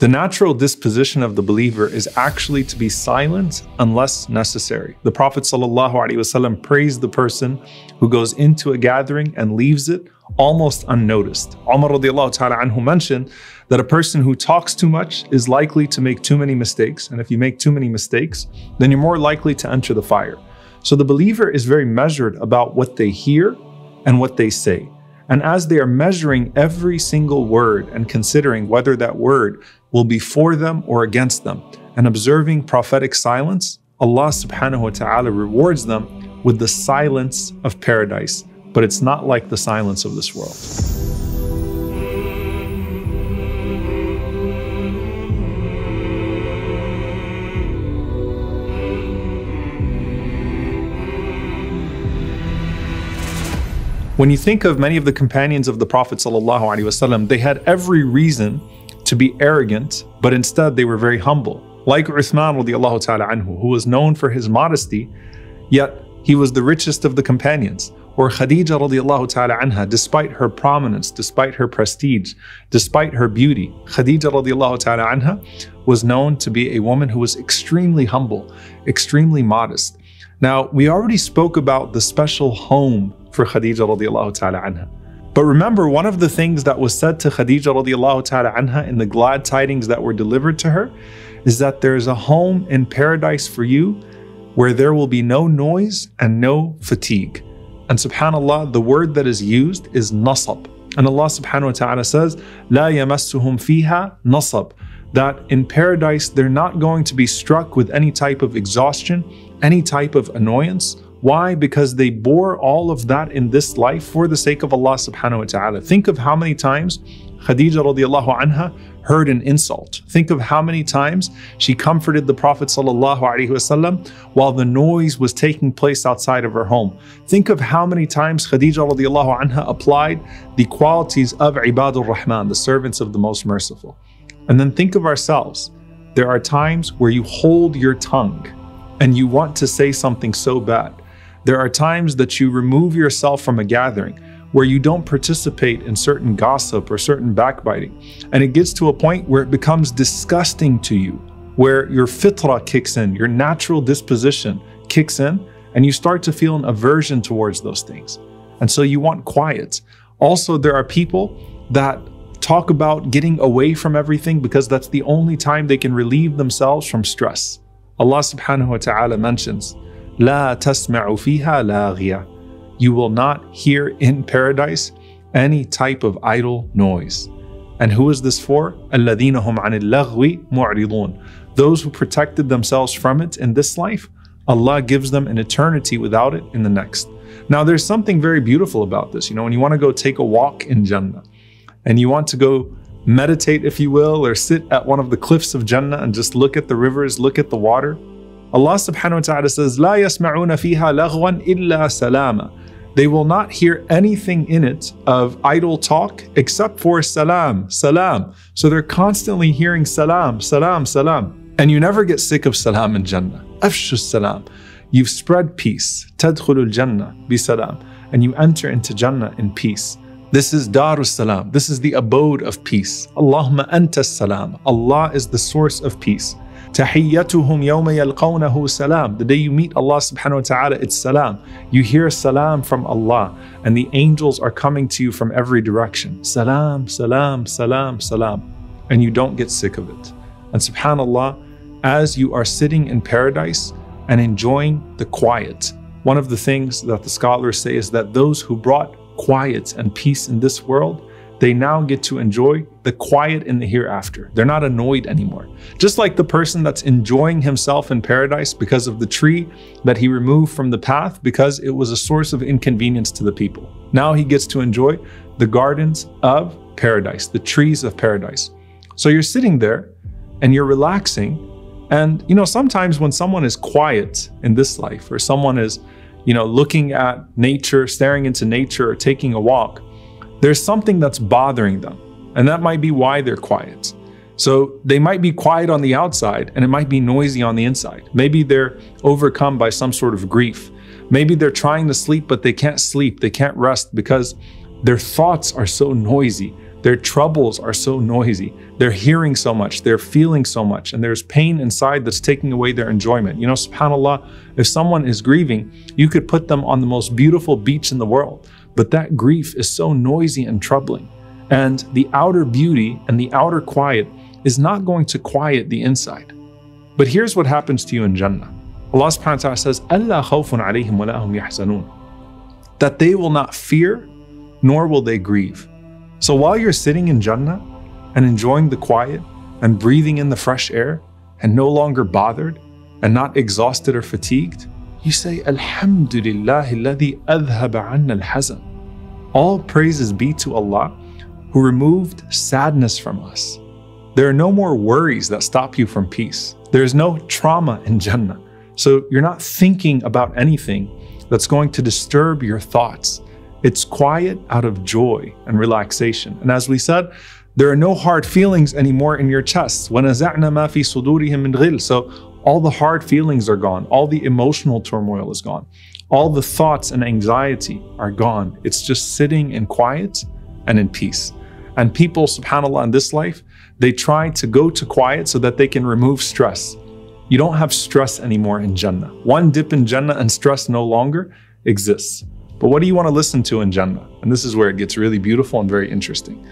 The natural disposition of the believer is actually to be silent unless necessary. The Prophet ﷺ praised the person who goes into a gathering and leaves it almost unnoticed. Umar anhu mentioned that a person who talks too much is likely to make too many mistakes. And if you make too many mistakes, then you're more likely to enter the fire. So the believer is very measured about what they hear and what they say. And as they are measuring every single word and considering whether that word will be for them or against them. And observing prophetic silence, Allah subhanahu wa ta'ala rewards them with the silence of paradise. But it's not like the silence of this world. When you think of many of the companions of the Prophet, they had every reason to be arrogant, but instead they were very humble. Like Uthman radiallahu ta'ala anhu, who was known for his modesty, yet he was the richest of the companions. Or Khadija radiallahu ta'ala anha, despite her prominence, despite her prestige, despite her beauty, Khadija radiallahu ta'ala anha was known to be a woman who was extremely humble, extremely modest. Now, we already spoke about the special home for Khadija radiallahu ta'ala anha. But remember, one of the things that was said to Khadija radiallahu ta'ala anha in the glad tidings that were delivered to her is that there is a home in paradise for you where there will be no noise and no fatigue. And subhanAllah, the word that is used is nasab. And Allah subhanahu wa ta'ala says, La yamassuhum fiha nasab. That in paradise, they're not going to be struck with any type of exhaustion, any type of annoyance, why? Because they bore all of that in this life for the sake of Allah subhanahu wa ta'ala. Think of how many times Khadija radiallahu anha heard an insult. Think of how many times she comforted the Prophet while the noise was taking place outside of her home. Think of how many times Khadija radiallahu anha applied the qualities of Ibadur Rahman, the servants of the Most Merciful. And then think of ourselves. There are times where you hold your tongue and you want to say something so bad. There are times that you remove yourself from a gathering where you don't participate in certain gossip or certain backbiting. And it gets to a point where it becomes disgusting to you, where your fitrah kicks in, your natural disposition kicks in, and you start to feel an aversion towards those things. And so you want quiet. Also, there are people that talk about getting away from everything because that's the only time they can relieve themselves from stress. Allah subhanahu wa ta'ala mentions, لا تسمع فيها لاغية. You will not hear in paradise any type of idle noise. And who is this for? الذين هم عن اللغو معرضون. Those who protected themselves from it in this life, Allah gives them an eternity without it in the next. Now, there's something very beautiful about this. You know, when you want to go take a walk in Jannah and you want to go meditate, if you will, or sit at one of the cliffs of Jannah and just look at the rivers, look at the water, Allah subhanahu wa ta'ala says, La yasma'una fiha laghwan illa salama. They will not hear anything in it of idle talk except for salam, salam. So they're constantly hearing salam, salam, salam. And you never get sick of salam in Jannah. Afshu salam. You've spread peace. Tadkhulul Jannah bi salam. And you enter into Jannah in peace. This is Daru Salam. This is the abode of peace. Allahumma anta salam. Allah is the source of peace. Tahiyyatuhum yawma yalqawnahu salam. The day you meet Allah subhanahu wa ta'ala, it's salam. You hear salam from Allah, and the angels are coming to you from every direction. Salam, salam, salam, salam. And you don't get sick of it. And subhanAllah, as you are sitting in paradise and enjoying the quiet, one of the things that the scholars say is that those who brought quiet and peace in this world they now get to enjoy the quiet in the hereafter. They're not annoyed anymore. Just like the person that's enjoying himself in paradise because of the tree that he removed from the path because it was a source of inconvenience to the people. Now he gets to enjoy the gardens of paradise, the trees of paradise. So you're sitting there and you're relaxing. And, you know, sometimes when someone is quiet in this life or someone is, you know, looking at nature, staring into nature, or taking a walk, there's something that's bothering them. And that might be why they're quiet. So they might be quiet on the outside and it might be noisy on the inside. Maybe they're overcome by some sort of grief. Maybe they're trying to sleep, but they can't sleep. They can't rest because their thoughts are so noisy. Their troubles are so noisy. They're hearing so much. They're feeling so much. And there's pain inside that's taking away their enjoyment. You know, subhanAllah, if someone is grieving, you could put them on the most beautiful beach in the world. But that grief is so noisy and troubling. And the outer beauty and the outer quiet is not going to quiet the inside. But here's what happens to you in Jannah. Allah subhanahu wa ta'ala says, Allah That they will not fear, nor will they grieve. So while you're sitting in Jannah and enjoying the quiet and breathing in the fresh air and no longer bothered and not exhausted or fatigued, you say, Alhamdulillah, الذي أذهب عنا All praises be to Allah who removed sadness from us. There are no more worries that stop you from peace. There is no trauma in Jannah. So you're not thinking about anything that's going to disturb your thoughts. It's quiet out of joy and relaxation. And as we said, there are no hard feelings anymore in your chest. So all the hard feelings are gone. All the emotional turmoil is gone. All the thoughts and anxiety are gone. It's just sitting in quiet and in peace. And people, subhanAllah, in this life, they try to go to quiet so that they can remove stress. You don't have stress anymore in Jannah. One dip in Jannah and stress no longer exists. But what do you want to listen to in Jannah? And this is where it gets really beautiful and very interesting.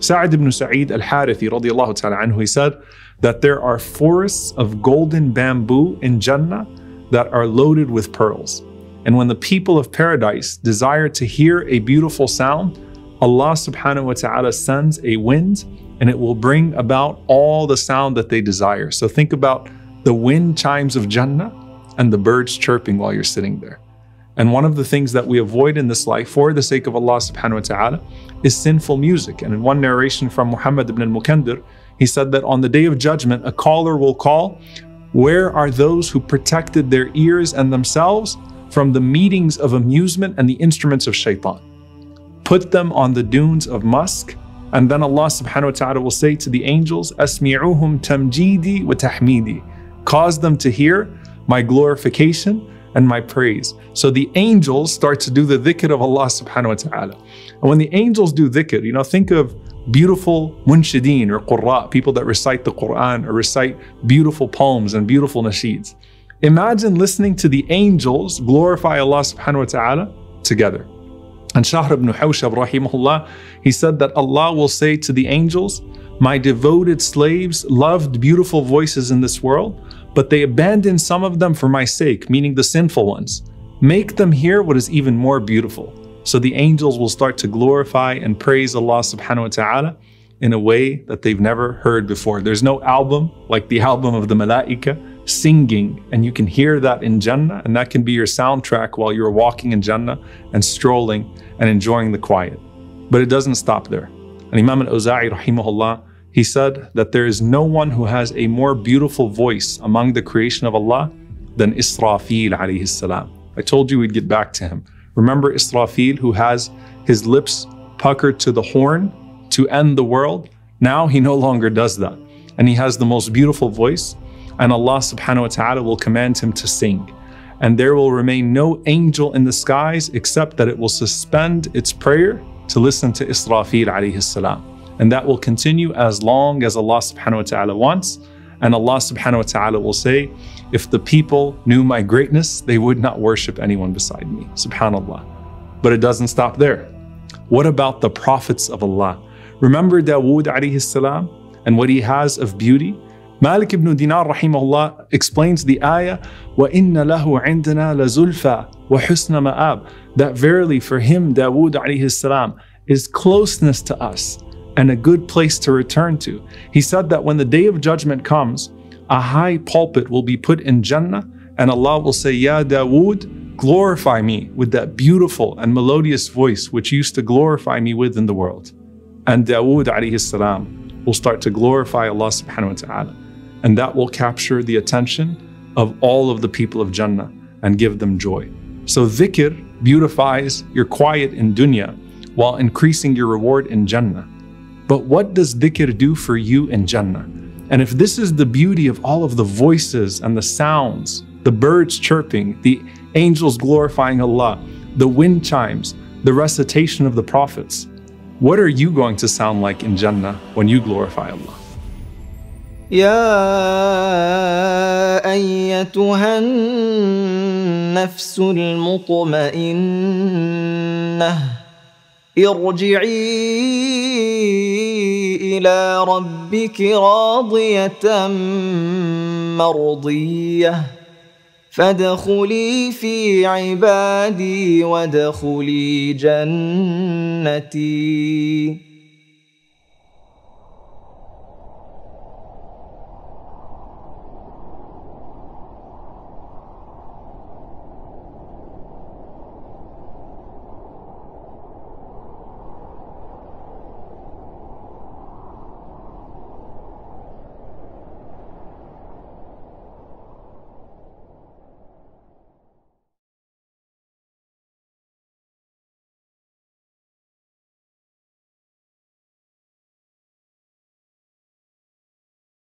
Sa'id ibn Sa'id al-Harithi radiallahu ta'ala anhu, he said that there are forests of golden bamboo in Jannah that are loaded with pearls. And when the people of paradise desire to hear a beautiful sound, Allah subhanahu wa ta'ala sends a wind and it will bring about all the sound that they desire. So think about the wind chimes of Jannah and the birds chirping while you're sitting there. And one of the things that we avoid in this life for the sake of Allah subhanahu wa ta'ala is sinful music. And in one narration from Muhammad ibn al-Mukandir, he said that on the day of judgment, a caller will call, where are those who protected their ears and themselves from the meetings of amusement and the instruments of shaitan? Put them on the dunes of musk. And then Allah subhanahu wa ta'ala will say to the angels, Asmi'uhum tamjidi wa tahmidi. Cause them to hear my glorification and my praise. So the angels start to do the dhikr of Allah subhanahu wa ta'ala. And when the angels do dhikr, you know, think of beautiful munshideen or qurra, people that recite the Quran or recite beautiful poems and beautiful nasheeds. Imagine listening to the angels glorify Allah subhanahu wa ta'ala together. And Shahr ibn Hawshab rahimahullah, he said that Allah will say to the angels, my devoted slaves loved beautiful voices in this world, but they abandon some of them for my sake, meaning the sinful ones. Make them hear what is even more beautiful. So the angels will start to glorify and praise Allah subhanahu wa ta'ala in a way that they've never heard before. There's no album like the album of the Malaika singing, and you can hear that in Jannah, and that can be your soundtrack while you're walking in Jannah and strolling and enjoying the quiet. But it doesn't stop there. And Imam al Uza'i, rahimahullah, he said that there is no one who has a more beautiful voice among the creation of Allah than Israfil alayhi salam. I told you we'd get back to him. Remember Israfil who has his lips puckered to the horn to end the world? Now he no longer does that. And he has the most beautiful voice and Allah subhanahu wa ta'ala will command him to sing. And there will remain no angel in the skies except that it will suspend its prayer to listen to Israfil alayhi salam and that will continue as long as Allah subhanahu wa ta'ala wants. And Allah subhanahu wa ta'ala will say, If the people knew my greatness, they would not worship anyone beside me. SubhanAllah. But it doesn't stop there. What about the prophets of Allah? Remember Dawood alayhi salam and what he has of beauty? Malik ibn Dinar rahimahullah explains the ayah, وَإِنَّ لَهُ عِنْدَنَا لَزُلْفَى وَحُسْنَ مَآب That verily for him, Dawood alayhi salam, is closeness to us and a good place to return to. He said that when the day of judgment comes, a high pulpit will be put in Jannah, and Allah will say, Ya Dawood, glorify me with that beautiful and melodious voice which used to glorify me with in the world. And Dawood alayhi salam will start to glorify Allah subhanahu wa ta'ala. And that will capture the attention of all of the people of Jannah and give them joy. So dhikr beautifies your quiet in dunya while increasing your reward in Jannah. But what does dhikr do for you in Jannah? And if this is the beauty of all of the voices and the sounds, the birds chirping, the angels glorifying Allah, the wind chimes, the recitation of the prophets, what are you going to sound like in Jannah when you glorify Allah? يا أيتها النفس المطمئنة ارجعي الى ربك راضيه مرضيه فادخلي في عبادي وادخلي جنتي